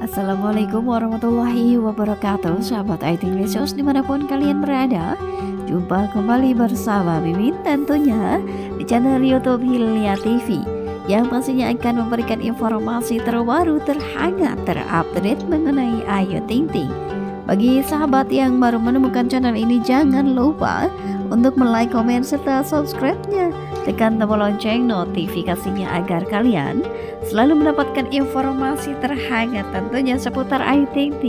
Assalamualaikum warahmatullahi wabarakatuh Sahabat IT Inglesios dimanapun kalian berada Jumpa kembali bersama Mimin tentunya di channel Youtube Hilya TV Yang pastinya akan memberikan informasi terbaru, terhangat, terupdate mengenai Ayu Ting Ting bagi sahabat yang baru menemukan channel ini jangan lupa untuk like, komen, serta subscribe-nya Tekan tombol lonceng notifikasinya agar kalian selalu mendapatkan informasi terhangat tentunya seputar itt.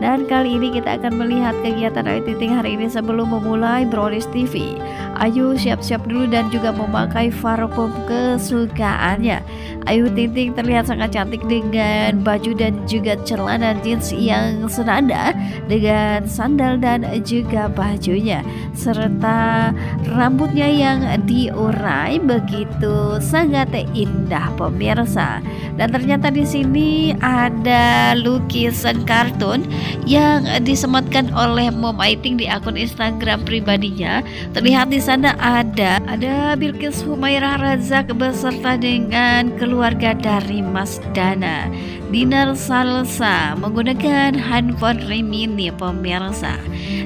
Dan kali ini kita akan melihat kegiatan Ayu hari ini sebelum memulai Brownies TV. Ayu siap-siap dulu dan juga memakai parfum kesukaannya. Ayu Ting Ting terlihat sangat cantik dengan baju dan juga celana jeans yang senada dengan sandal dan juga bajunya serta rambutnya yang diurai begitu sangat indah pemirsa. Dan ternyata di sini ada lukisan kartun yang disematkan oleh Mom Aiting di akun Instagram pribadinya. Terlihat di sana ada ada Bilkis Humairah Razak beserta dengan keluarga dari Mas Dana. Dinar salsa menggunakan handphone Rimini pemirsa.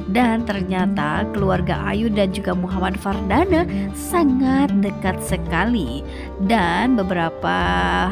Dan ternyata keluarga Ayu dan juga Muhammad Fardana sangat dekat sekali. Dan beberapa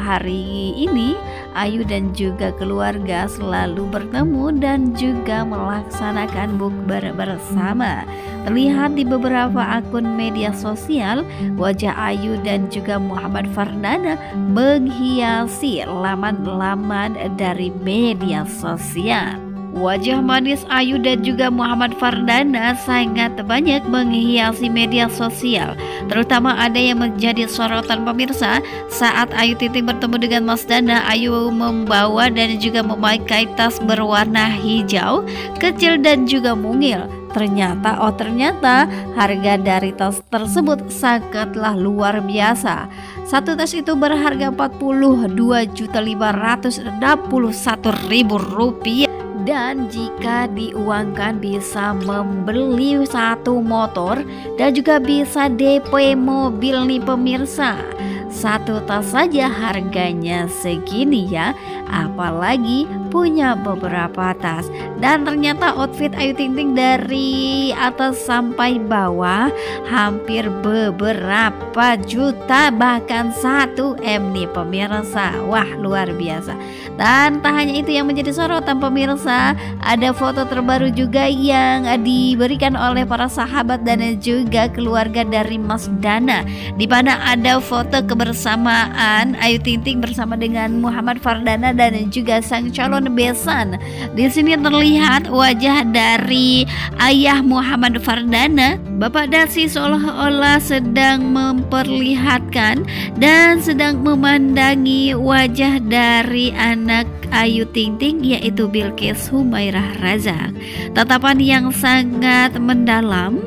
hari ini Ayu dan juga keluarga selalu bertemu dan juga melaksanakan bukber bersama. Terlihat di beberapa akun media sosial, wajah Ayu dan juga Muhammad Fardana menghiasi laman-laman dari media sosial. Wajah manis Ayu dan juga Muhammad Fardana sangat banyak menghiasi media sosial Terutama ada yang menjadi sorotan pemirsa Saat Ayu Titi bertemu dengan Mas Dana Ayu membawa dan juga memakai tas berwarna hijau Kecil dan juga mungil Ternyata, oh ternyata harga dari tas tersebut sangatlah luar biasa Satu tas itu berharga Rp42.561.000 dan jika diuangkan bisa membeli satu motor dan juga bisa DP mobil nih pemirsa satu tas saja harganya segini ya apalagi punya beberapa tas dan ternyata outfit Ayu Ting Ting dari atas sampai bawah hampir beberapa juta bahkan 1 M nih pemirsa wah luar biasa dan tak hanya itu yang menjadi sorotan pemirsa ada foto terbaru juga yang diberikan oleh para sahabat dan juga keluarga dari Mas Dana di mana ada foto kebersamaan Ayu Ting Ting bersama dengan Muhammad Fardana dan juga sang calon alun Di sini terlihat wajah dari ayah Muhammad Fardana. Bapak Dasi seolah-olah sedang memperlihatkan dan sedang memandangi wajah dari anak Ayu Ting Ting yaitu Bilqis Humairah Razak. Tatapan yang sangat mendalam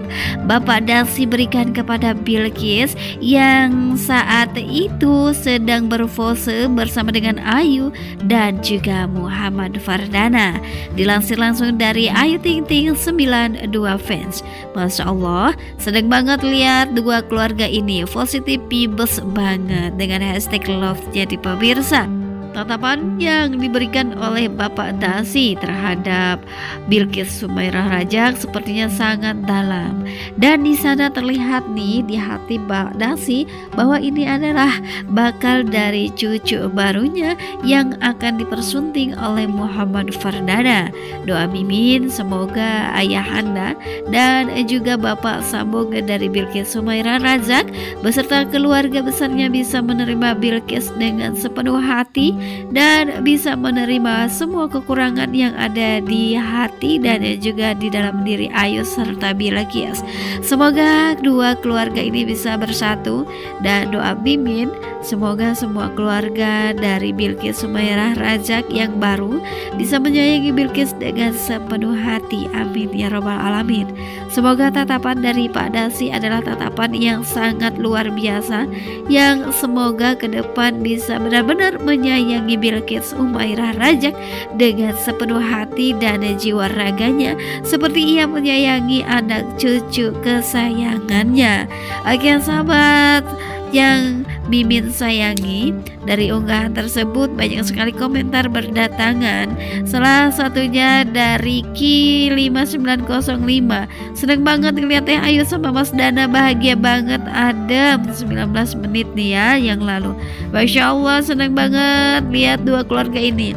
Bapak Dasi berikan kepada Bilqis yang saat itu sedang berpose bersama dengan Ayu dan juga Muhammad. Muhammad Fardana. Dilansir langsung dari Ayu Ting Ting 92 fans. Masya Allah, sedang banget lihat dua keluarga ini positif pibes banget dengan hashtag love jadi pemirsa. Tatapan yang diberikan oleh Bapak Dasi terhadap Bilqis Sumairah Rajak sepertinya sangat dalam. Dan di sana terlihat nih di hati Bapak Dasi bahwa ini adalah bakal dari cucu barunya yang akan dipersunting oleh Muhammad Fardana. Doa mimin semoga ayah Anda dan juga Bapak Sambung dari Bilqis Sumairah Rajak beserta keluarga besarnya bisa menerima Bilqis dengan sepenuh hati dan bisa menerima semua kekurangan yang ada di hati dan juga di dalam diri Ayu serta Bila Kias. Semoga dua keluarga ini bisa bersatu dan doa bimbing semoga semua keluarga dari Bilkis Sumairah Rajak yang baru bisa menyayangi Bilkis dengan sepenuh hati. Amin ya robbal alamin. Semoga tatapan dari Pak Dasi adalah tatapan yang sangat luar biasa yang semoga ke depan bisa benar-benar menyayangi Bilqis Umairah Rajak dengan sepenuh hati dan jiwa raganya seperti ia menyayangi anak cucu kesayangannya. Oke sahabat yang Mimin sayangi Dari unggahan tersebut banyak sekali komentar berdatangan Salah satunya dari Ki5905 Seneng banget ngeliat Teh Ayu sama Mas Dana bahagia banget Adem 19 menit nih ya yang lalu Masya Allah seneng banget lihat dua keluarga ini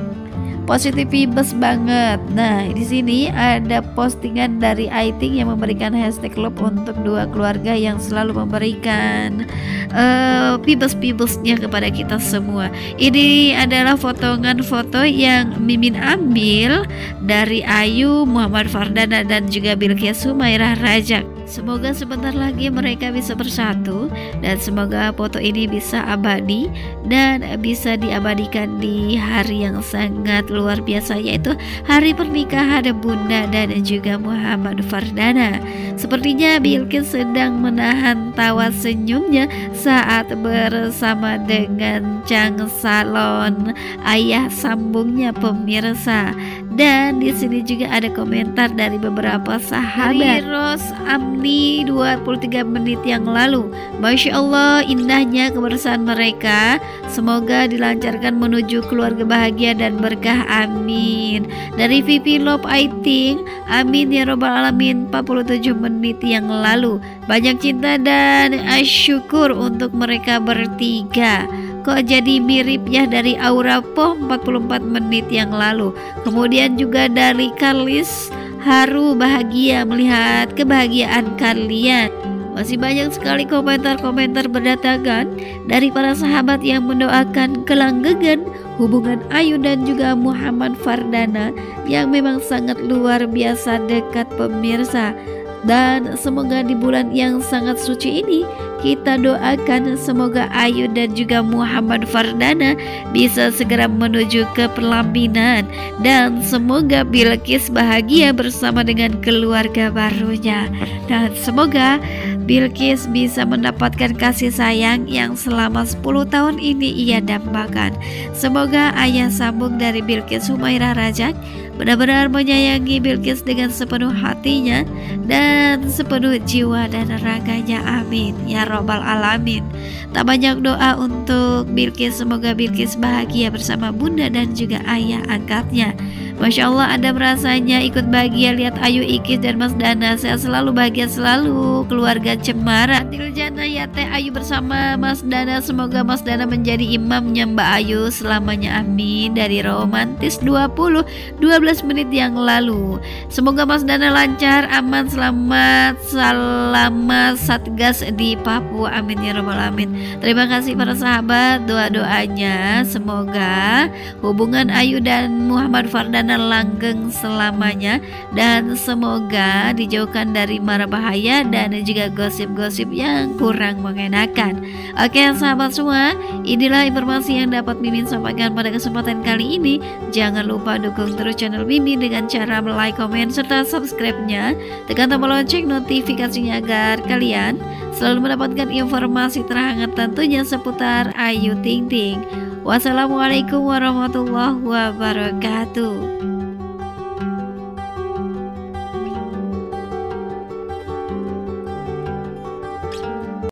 positif vibes banget. Nah, di sini ada postingan dari Aiting yang memberikan hashtag love untuk dua keluarga yang selalu memberikan uh, eh, vibes-vibesnya kepada kita semua. Ini adalah potongan foto yang Mimin ambil dari Ayu, Muhammad Fardana dan juga Bilqis Sumairah Rajak. Semoga sebentar lagi mereka bisa bersatu dan semoga foto ini bisa abadi dan bisa diabadikan di hari yang sangat luar biasa yaitu hari pernikahan Bunda dan juga Muhammad Fardana. Sepertinya Bilkin sedang menahan tawa senyumnya saat bersama dengan Chang Salon ayah sambungnya pemirsa dan di sini juga ada komentar dari beberapa sahabat. Ros Amni 23 menit yang lalu. Masya Allah indahnya kebersamaan mereka. Semoga dilancarkan menuju keluarga bahagia dan berkah. Amin. Dari Vivi Love I think. Amin ya robbal alamin 47 menit yang lalu. Banyak cinta dan syukur untuk mereka bertiga. Kok jadi mirip ya dari Aura Po 44 menit yang lalu. Kemudian juga dari Carlis haru bahagia melihat kebahagiaan kalian. Masih banyak sekali komentar-komentar berdatangan dari para sahabat yang mendoakan kelanggengan hubungan Ayu dan juga Muhammad Fardana yang memang sangat luar biasa dekat pemirsa. Dan semoga di bulan yang sangat suci ini kita doakan semoga Ayu dan juga Muhammad Fardana bisa segera menuju ke pelaminan dan semoga Bilqis bahagia bersama dengan keluarga barunya. Dan semoga Bilqis bisa mendapatkan kasih sayang yang selama 10 tahun ini ia dambakan. Semoga ayah sambung dari Bilqis Humaira Rajak benar-benar menyayangi Bilqis dengan sepenuh hatinya dan sepenuh jiwa dan raganya. Amin. Ya Robbal Alamin. Tak banyak doa untuk Bilqis. Semoga Bilqis bahagia bersama bunda dan juga ayah angkatnya. Masya Allah ada merasanya ikut bahagia lihat Ayu Ikis dan Mas Dana. Saya selalu bahagia selalu keluarga dan cemara Tiljana ya Teh Ayu bersama Mas Dana Semoga Mas Dana menjadi imamnya Mbak Ayu selamanya amin Dari Romantis 20 12 menit yang lalu Semoga Mas Dana lancar aman selamat Selamat Satgas di Papua Amin ya Rabbal Amin Terima kasih para sahabat doa-doanya Semoga hubungan Ayu dan Muhammad Fardana langgeng selamanya Dan semoga dijauhkan dari mara bahaya dan juga gosip-gosip yang kurang mengenakan. Oke sahabat semua, inilah informasi yang dapat Mimin sampaikan pada kesempatan kali ini. Jangan lupa dukung terus channel Mimin dengan cara like, komen, serta subscribe-nya. Tekan tombol lonceng notifikasinya agar kalian selalu mendapatkan informasi terhangat tentunya seputar Ayu Ting Ting. Wassalamualaikum warahmatullahi wabarakatuh.